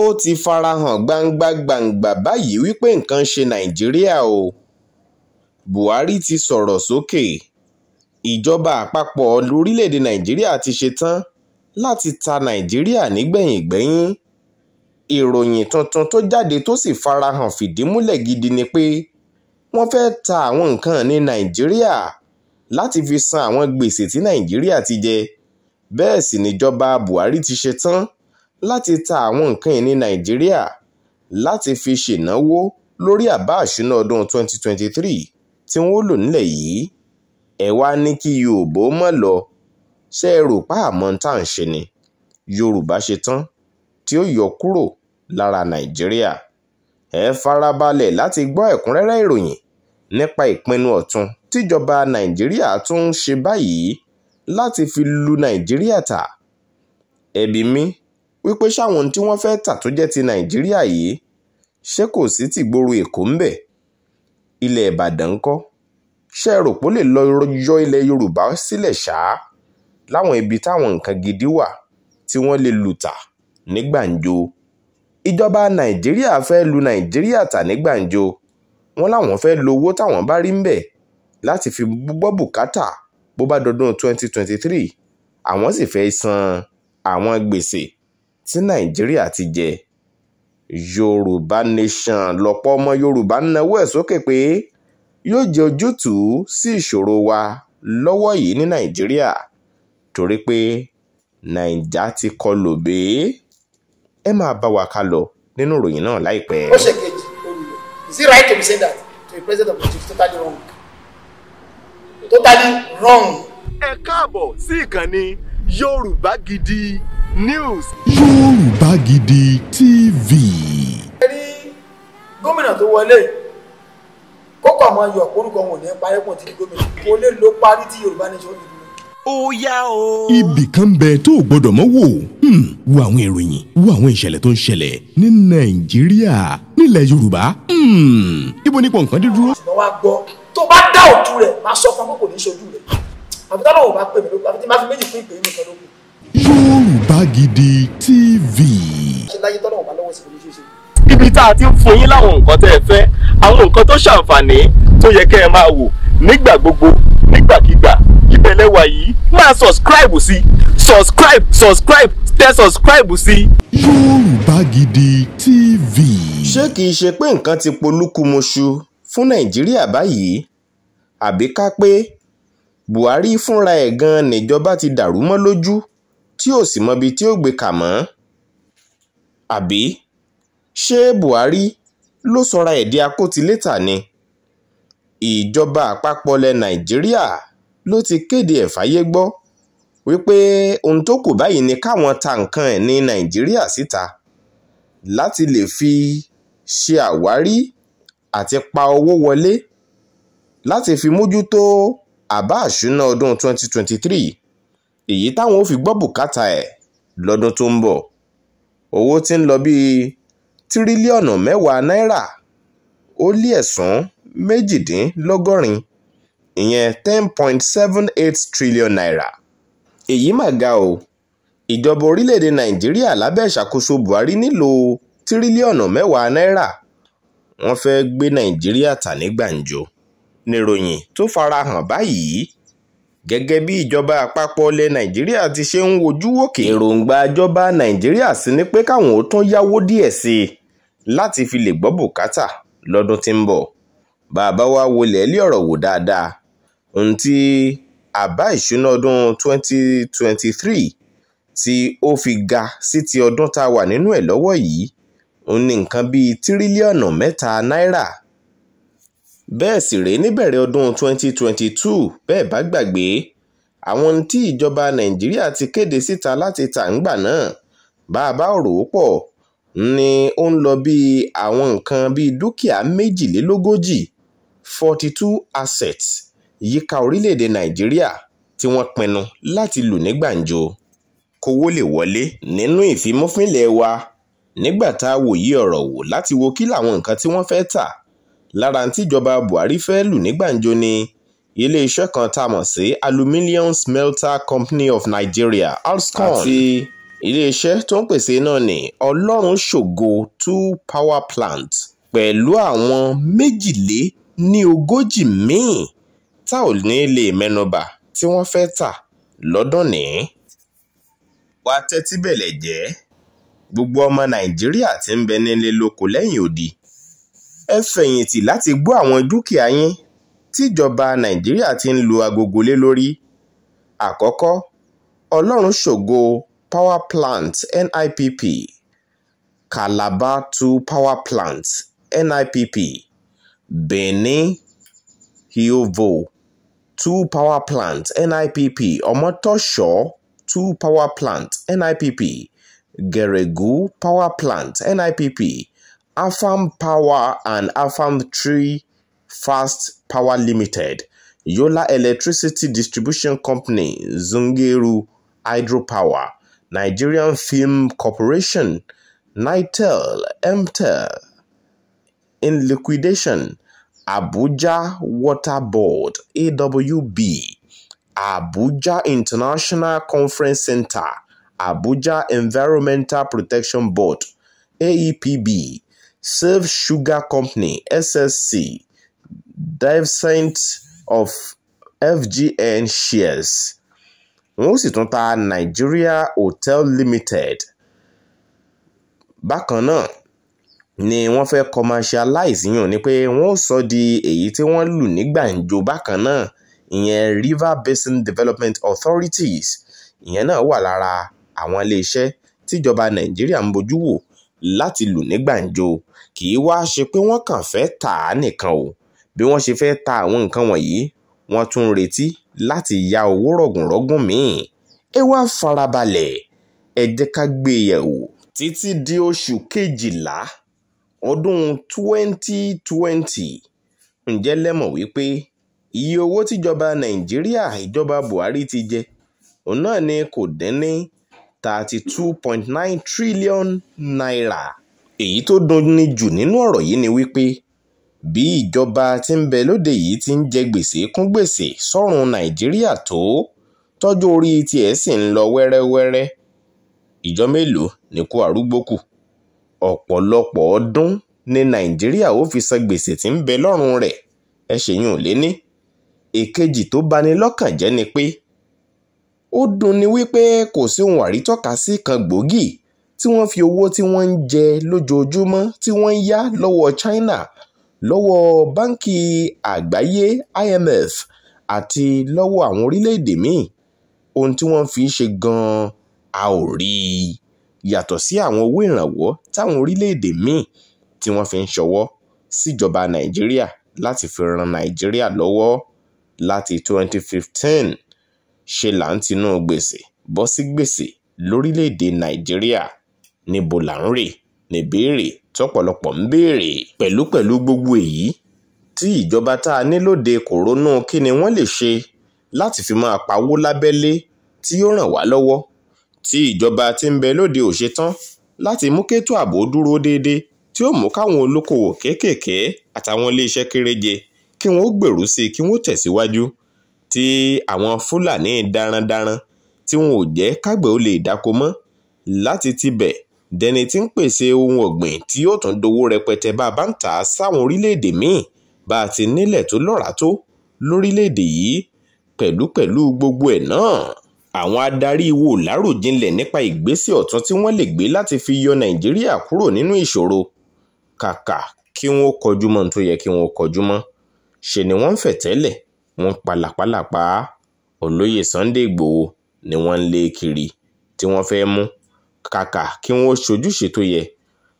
ó ti fara hàn gbangba-gbàǹgbà báyìí wípé nǹkan ṣe nàìjíríà o buhari ti sọ̀rọ̀ sókè ìjọba àpapọ̀ lórílẹ̀‐èdè nàìjíríà ti ṣetán láti ta nàìjíríà nígbẹ̀yìngbẹ́yín ìròyìn tuntun tó jáde tó sì farahàn fìdí múlẹ̀ gidi ni pé wọ́n fẹ́ ta àwọn nǹkan ní nàìjíríà láti fi san àwọn gbèsè tí nàìjíríà ti jẹ bẹ́ẹ̀ sì níjọba buhari ti ṣetán láti ta àwọn nǹkan ìní nàìjíríà láti fi ṣènáwó lórí àbá ìṣúná ọdún 2023 tí wọ́n lò nílẹ̀ yìí ẹ̀ wàá ní kí yòòbó mọ̀ lọ ṣe é rò pa àmọ́ tá à ń ṣe ni yorùbá ṣe tán tí ó yọ kúrò lára nàìjíríà ẹ farabalẹ̀ láti gbọ́ ẹ̀kúnrẹ́rẹ́ ìròyìn nípa ìpinnu ọ̀tun tíjọba nàìjíríà tún ń ṣe báyìí láti fi lu nàìjíríà ta ẹbí mi wípé sáwọn tí wọ́n fẹ́ tà tó jẹ́ ti nàìjíríà yìí ṣé kò sí tìgboro èkó ń bẹ̀ ilẹ̀ ìbàdàn ńkọ́ ṣé ẹ rò pé ó lè lọ yọ ilẹ̀ yorùbá sílẹ̀ ṣáá láwọn ibi táwọn nǹkan gidi wà tí wọ́n lè lù tà ní gbàǹjo ìjọba nàìjíríà fẹ́ lu nàìjíríà tà ní gbàǹjo wọ́n láwọn fẹ́ lo owó táwọn bá rí ń bẹ̀ láti fi gbọ́ bùkátà bó bá dọdún 2023 àwọn sì fẹ́ san àwọn gbèsè tí nàìjíríà ti jẹ yorùbá nation lọ̀pọ̀ ọmọ yorùbá náwó ẹ̀ sókè pé yóò jẹ́ ojútùú sí ìṣòro wa lọ́wọ́ yìí ní nàìjíríà torí pé nàìjà ti kọ lòbé ẹ máa bá wa ká lọ nínú ìròyìn náà láìpẹ́. ó ṣe kejì olùyọ is it right to be saying that to the president of Nigeria, totally wrong totally wrong. ẹ káàbọ̀ sí ìkànnì yorùbá gidi news. Yorùbá Gidi TV. ẹ rí gómìnà tó wọlé kókò àwọn ayọ̀ orúkọ wọn ò ní parí kùn tí gómìnà kò lè lo parí tí Yorùbá Nation fi dúró. ibì kan bẹ tó o gbọdọ̀ mọ́ wò hmm, wo àwọn ìròyìn wo àwọn ìṣẹ̀lẹ̀ tó ń ṣẹlẹ̀ ní Nàìjíríà nílẹ̀ Yorùbá hmm, ibo nípa nǹkan dé dúró. ṣùgbọ́n gbọ́ tó bá dá òtún rẹ̀ máa sọ fún ọmọ ní í rẹ̀ àbúrò táwọn ò bá pè mí ló àbí tí máa fi méjì fún ìpè mí kan ló Yorùbá Gidi TV. ibi tá a ti ń fún yín láwọn nǹkan tẹ́ ẹ fẹ́ àwọn nǹkan tó ṣàǹfààní tó yẹ kẹ́ ẹ máa wò nígbà gbogbo nígbàkigbà ìbẹ̀lẹ̀ wà yìí máa subscribe sí subscribe subscribe tẹ subscribe sí. Yorùbá Gidi TV. ṣé kìí ṣe pé nǹkan ti polúkúmuṣu fún Nàìjíríà báyìí àbí ká pé Buhari fúnra ẹ̀ gan-an níjọba ti dàrú mọ́ lójú tí ò sì mọbi tí ó gbé kà mọ́ àbí ṣé buhari ló sọra ẹ̀ di akótilétà ni ìjọba àpapọ̀ ilẹ̀ nàìjíríà ló ti kéde ẹ̀ fáyé gbọ́ wípé ohun tó kù báyìí ni káwọn ta nǹkan ẹ̀ ní nàìjíríà síta láti lè fi ṣe àwárí àti pa owó wọlé láti fi mójútó àbá àṣúná ọdún 2023 èyí táwọn ò fi gbọ́ bùkátà ẹ̀ lọ́dún tó ń bọ̀ owó tí ń lọ bíi tírílíọ̀nù mẹ́wàá náírà ó lé ẹ̀sún méjìdínlọ́gọ́rin ìyẹn ten point seven eight trillion naira èyí mà ga o ìjọba orílẹ̀-èdè nàìjíríà lábẹ́ ìṣàkóso buhari nílò tírílíọ̀nù mẹ́wàá náírà wọ́n fẹ́ gbé nàìjíríà tà ní gbàǹjo níròyìn tó farahàn báyìí gẹ́gẹ́ bí ìjọba àpapọ̀ ilẹ̀ nàìjíríà ti ṣe ń wojú wòkè èròǹgbà ìjọba nàìjíríà sì ni pé káwọn ó tún yáwó díẹ̀ sí i láti fi lè gbọ́ bùkátà lọ́dún tí ń bọ̀ bàbá wa wọlé ilé ọ̀rọ̀ wò dáadáa ohun tí àbá ìṣúná ọdún 2023 tí ó fi ga sí ti ọdún tá a wà nínú ẹ̀ lọ́wọ́ yìí ó ní nǹkan bíi tírílíọ̀nù mẹ́ta náírà bẹ́ẹ̀ sì rèé níbẹ̀rẹ̀ ọdún 2022 bẹ́ẹ̀ bá gbàgbé àwọn tí ìjọba nàìjíríà ti kéde síta láti tà ńgbà náà bá a bá rò ó pọ̀ ni ó ń lọ bí àwọn nǹkan bíi dúkìá méjìlélógójì 42 assets yíká orílẹ̀-èdè nàìjíríà tí wọ́n pinnu láti lù ní gbàǹjo kówó lè wọlé nínú ìfimúfínlẹ̀ wa nígbà tá a wòye ọ̀rọ̀ wò láti wo kí làwọn nǹkan tí wọ́n fẹ́ tà lára tíjọba buhari fẹ́ lù ní gbàǹjo ni iléeṣẹ́ kan tá a mọ̀ sí aluminium smelter company of nigeria alscon àti iléeṣẹ́ tó ń pèsè iná ní ọlọ́run ṣògo two power plant pẹ̀lú àwọn méjìlé ní ogójì míì tá ò ní lè mẹ́nubà tí wọ́n fẹ́ tà lọ́dún ní. wàá tẹ́tí bẹ̀lẹ̀ jẹ́ gbogbo ọmọ nàìjíríà tí ń bẹ nílé lóko lẹ́yìn odi ẹ fẹ̀yìntì láti gbọ́ àwọn dúkìá yín tíjọba nàìjíríà ti ń lu agogo lé lórí àkọ́kọ́ ọlọ́run ṣògo power plant nipp calabar two power plant nipp benin hiovo two power plant nipp omotosho two power plant nipp geregu power plant nipp Afam Power and Afam Tree Fast Power Limited, Yola Electricity Distribution Company, Zungeru Hydropower, Nigerian Film Corporation, Nitel, MTEL, in liquidation, Abuja Water Board, AWB, Abuja International Conference Center, Abuja Environmental Protection Board, AEPB, Save Sugar Company (SSC), divescent of FGN shares, wọ́n sì tún ta Nigeria Hotel Limited. Bákan náà ni wọ́n fẹ́ commercialize yàn ni pé wọ́n ó sọ di èyí tí wọ́n lù ní gbàǹjo bákan náà ìyẹn River Basin Development Authorities ìyẹn náà wà lára àwọn iléeṣẹ́ tíjọba Nàìjíríà ń bójú wò láti lù ní gbàǹjo kì í wáá ṣe pé wọ́n kàn fẹ́ tà á nìkan o bí wọ́n ṣe fẹ́ ta àwọn nǹkan wọ̀nyí wọ́n tún ń retí láti ya owó rọ̀gùnrọ̀gùn míì ẹ wá farabalẹ̀ ẹ jẹ́ ká gbé e yẹ̀ wò títí di oṣù kejìlá ọdún 2020 ǹjẹ́ lẹ́mọ̀ wípé iye owó tíjọba nàìjíríà ìjọba buhari ti jẹ òun náà ni kò dín ní 32.9 trillion naira. èyí tó dunni jù nínú ọ̀rọ̀ yìí ni wípé bí ìjọba tí ń bẹ lóde yìí ti ń jẹ gbèsè kún gbèsè sọ́run nàìjíríà tó tọ́jọ́ orí tiẹ̀ sì ń lọ wẹ́rẹ́wẹ́rẹ́ ìjọ mélòó ni kó arúgbó kù ọ̀pọ̀lọpọ̀ ọdún ni nàìjíríà ó fi san gbèsè tí ń bẹ lọ́rùn rẹ̀ ẹ ṣèyún ò lé ní èkejì tó bani lọ́kàn jẹ́ ni pé ó dunni wípé kò sí ohun àrítọ́kasí kan gbòógì tí wọ́n fi owó tí wọ́n ń jẹ lójoojúmọ́ tí wọ́n ń yá lọ́wọ́ China lọ́wọ́ báńkì àgbáyé IMF àti lọ́wọ́ àwọn orílẹ̀-èdè míì ohun tí wọ́n fi ṣe gan-an a ò rí i yàtọ̀ sí àwọn owó ìrànwọ́ táwọn orílẹ̀-èdè míì tí wọ́n fi ń ṣọwọ́ síjọba Nàìjíríà láti fi ran Nàìjíríà lọ́wọ́ láti 2015 ṣe là ń tinú gbèsè bọ́ sí gbèsè lórílẹ̀‐èdè nàìjíríà níbo là ń rè níbèrè tọ́pọ̀lọpọ̀ ń béèrè pẹ̀lúpẹ̀lú gbogbo èyí tí ìjọba tá a ní lóde kò ronú kí ni wọ́n lè ṣe láti fi máa pawó lábẹ́lé tí ó ràn wá lọ́wọ́ tí ìjọba ti ń bẹ lóde ò ṣetán láti mú kétò ààbò dúró déédé tí ó mú káwọn olókoòwò kéékèèké àtàwọn iléeṣẹ́ kéréje kí wọ́n gbèrú sí i kí wọ́n tẹ̀síwájú tí àwọn fúlàní darandaran tí wọn ò jẹ́ kágbẹ̀ ó lè dáko mọ́ láti tibẹ̀ dẹni tí ń pèsè ohun ọ̀gbìn tí yóò tún dowó rẹpẹtẹ bá a bá ń tà á sáwọn orílẹ̀-èdè míì bá a ti nílẹ̀ tó lọ́ràá tó lórílẹ̀-èdè yìí pẹ̀lúpẹ̀lú gbogbo ẹ̀ náà àwọn adarí wo láròjinlẹ̀ nípa ìgbésẹ̀ ọ̀tún tí wọ́n lè gbé láti fi yọ nàìjíríà kúrò nínú ìṣòro kàkà kí wọ́n kọjú mọ́ tó yẹ kí wọ́n kọjú mọ́ ṣe ni wọ́n ń fẹ̀tẹ́lẹ̀ wọ́n pa làpálàpá Sunday Igbòho ni wọ́n ń lé kiri tí wọ́n fẹ́ mú kàkà kí wọ́n ṣojúṣe tó yẹ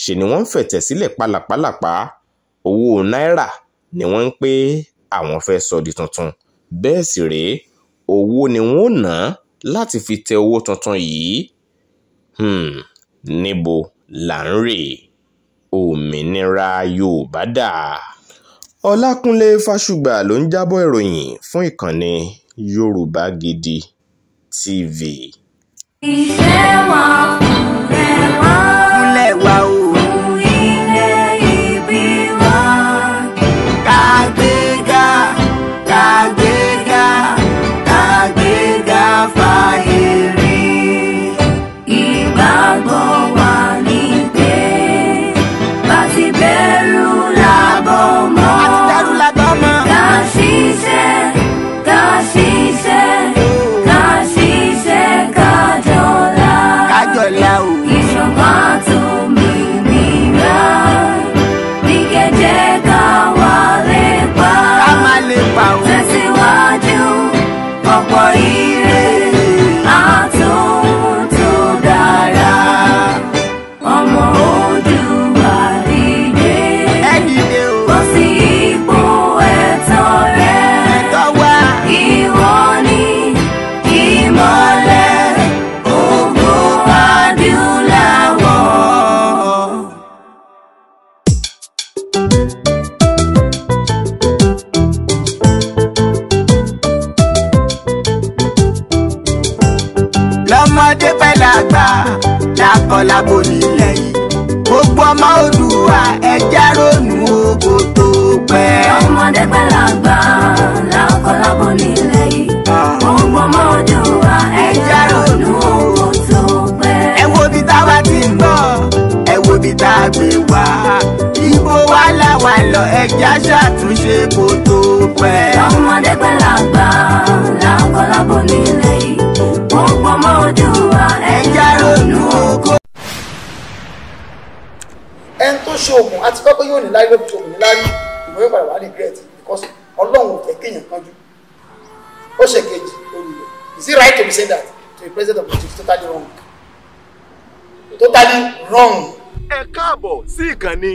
ṣe ni wọ́n ń fẹ̀tẹ̀ sílẹ̀ owó náírà ni wọ́n ń pé àwọn fẹ́ sọ di tuntun bẹ́ẹ̀ sì rèé owó ni wọ́n ná láti fi tẹ owó tuntun yìí hmm, níbo là ń rè òmìnira Yorùbá dà ọlákúnlé fásùgbà ló ń jábọ̀ ìròyìn fún ìkànnì yorùbá gidi tv ìfẹ́ wà fún. Oòduà lákọlábo nílẹ̀ yìí gbogbo ọmọ Oòduà ẹja ronú ogo tó pẹ́. ọmọdé gbàlagbà lákọlábo nílẹ̀ yìí gbogbo ọmọ Oòduà ẹja ronú ogo tó pẹ́. ẹ wo bí táwa ti ń bọ̀ ẹ wo bí tá a gbé wá ibo wa làwa lọ ẹja ṣàtúnṣe kó tó pẹ́. ọmọdé gbàlagbà lákọlábo nílẹ̀ yìí ẹni tó ṣe oògùn àti kọ́kọ́ yóò ní láyé ló fi ṣe oògùn ní láyé ìwé padà wà regret because ọlọ́run ò fẹ́ kéèyàn kánjú ó ṣe kejì lórí rẹ̀ is it right to be saying that to the president of the church totally wrong totally wrong. ẹ káàbọ̀ sí ìkànnì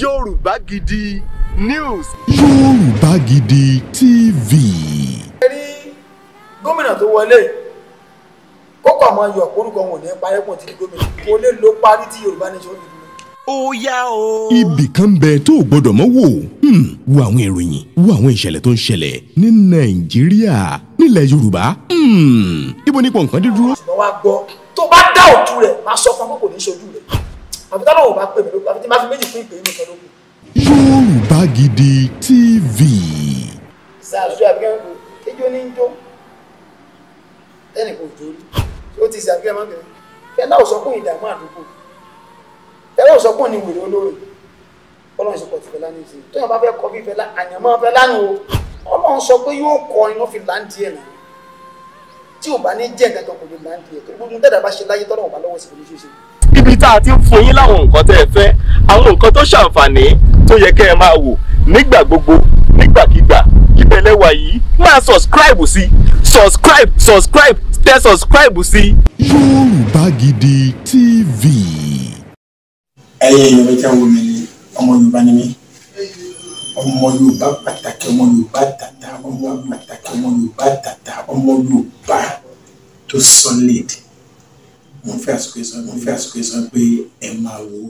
Yorùbá Gidi News. Yorùbá Gidi TV. ẹ rí gómìnà tó wọlé yìí kókò àmọ́ yọ orúkọ wọn ò ní parí pọ̀ títí gómìnà kò lè lo parí tí yorùbá nation fi dúró. ó yá o. ibì kan bẹ tó o gbọ́dọ̀ mọ̀ wò hmm, wo àwọn ìròyìn wo àwọn ìṣẹ̀lẹ̀ tó ń ṣẹlẹ̀ ní nàìjíríà nílẹ̀ yorùbá hmm, ibo ní pọnkan dídúró. ṣùgbọ́n wàá gbọ́ tó bá dá òtún rẹ̀ máa sọ fún akókò ní ṣojú rẹ̀ àbí tá lóun bá pè mí lóko àbí tí máa fi méjì fún ìpè mí kan lóko. Yorùbá Gidi TV. ṣàṣù àbíkẹ́ ń kó ejò ní ń jó ẹnì kò jó rí ó ti ṣàbí ẹ̀ mọ́kẹ́ fẹ́lá ò sọkún ìdààmú àdúgbò fẹ́lá ò sọkún ní wèrè olóore ọlọ́run ṣe pọ̀ ti fẹ́lá ní ìsìn tóyàn bá fẹ́ kọ bí fẹ́lá àyànmọ́ fẹ́lá nù o ọlọ́run sọ pé yóò kọ iná fi láǹdì ẹ̀ nà tí ò bá ní jẹ́ kankan kò lè láǹdì ẹ̀ kí gbogbo dẹ́dà bá ṣe láyé tọ́lọ́run bá lọ́wọ́ sí kò ní ṣe é ṣe. ibi tá a ti ń fún yín láwọn nǹkan tẹ́ ẹ fẹ́ àwọn nǹkan tó ṣàǹfààní tó yẹ kẹ́ ẹ máa wò nígbà gbogbo nígbàkigbà ìbẹ̀lẹ̀ wà yìí máa subscribe sí subscribe subscribe tẹ subscribe sí. Yorùbá Gidi TV. ẹyẹ yorùbá jẹ́ wo mi ni ọmọ yorùbá ni mí ọmọ yorùbá pàtàkì ọmọ yorùbá tàtà ọmọ pàtàkì ọmọ yorùbá tàtà ọmọ yorùbá tó solid mo fẹ́ àsìkò ìsọ mo fẹ́ àsìkò ìsọ pé ẹ máa wo